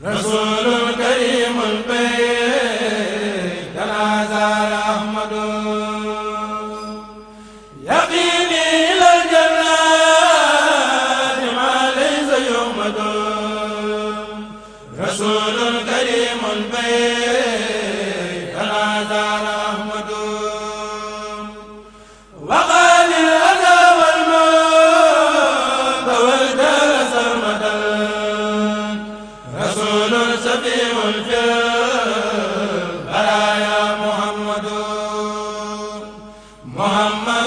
Rasul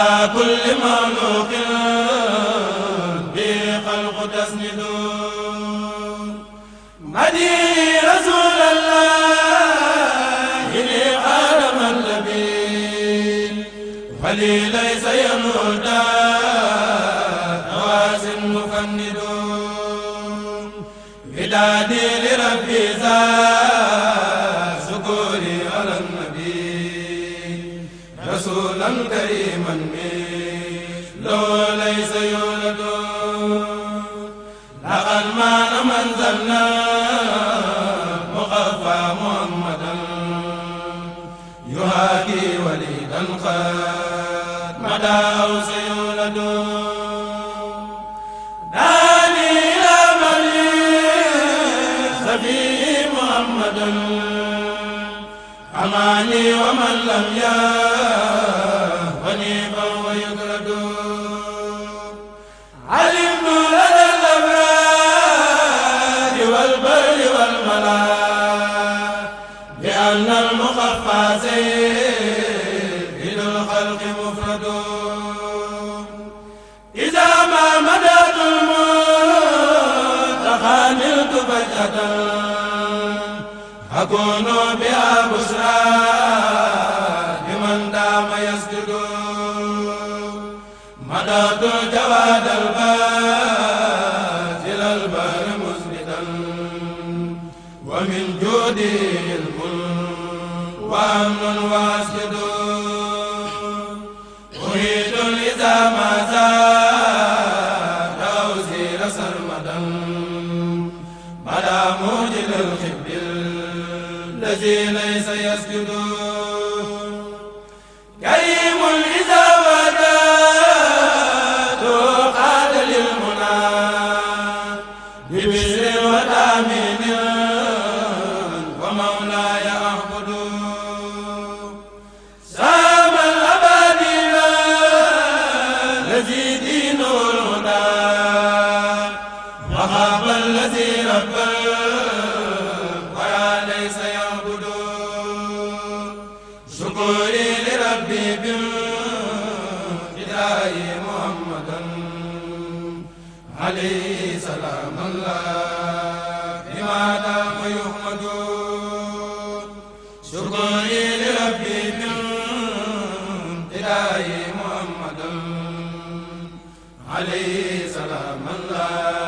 على كل مخلوق بخلق تسند مدي رسول الله لعالم النبي ولي ليس ينودى نواس مفند بدادي لربي ذا سكوري على النبي رسولا كريما لو ليس يولد لقد ما أنزلنا مخفى محمدا يهاكي وليدا قد مدى أو سيولد داني إلى من محمدا amaani wa man lam yahwani fahuwa yukradu alimtu lana al-abraari wal barri wal malaa bi anna al-mukhaffaati takunu biha busra liman dama yasjudu madadu jawad albat ila albar musbitan wa min judi ilmun wa amnun wasjudu uridu liza ma زاد أو زير سرمدا بدا موجل الحب الذي ليس يسجد كريم إذا ودات قاد للمنى ببشر وتأمين ومولاي أعبدون شكري لربي بامتداء محمدا عليه سلام الله بما دام يحمد شكري لربي بامتداء محمدا عليه سلام الله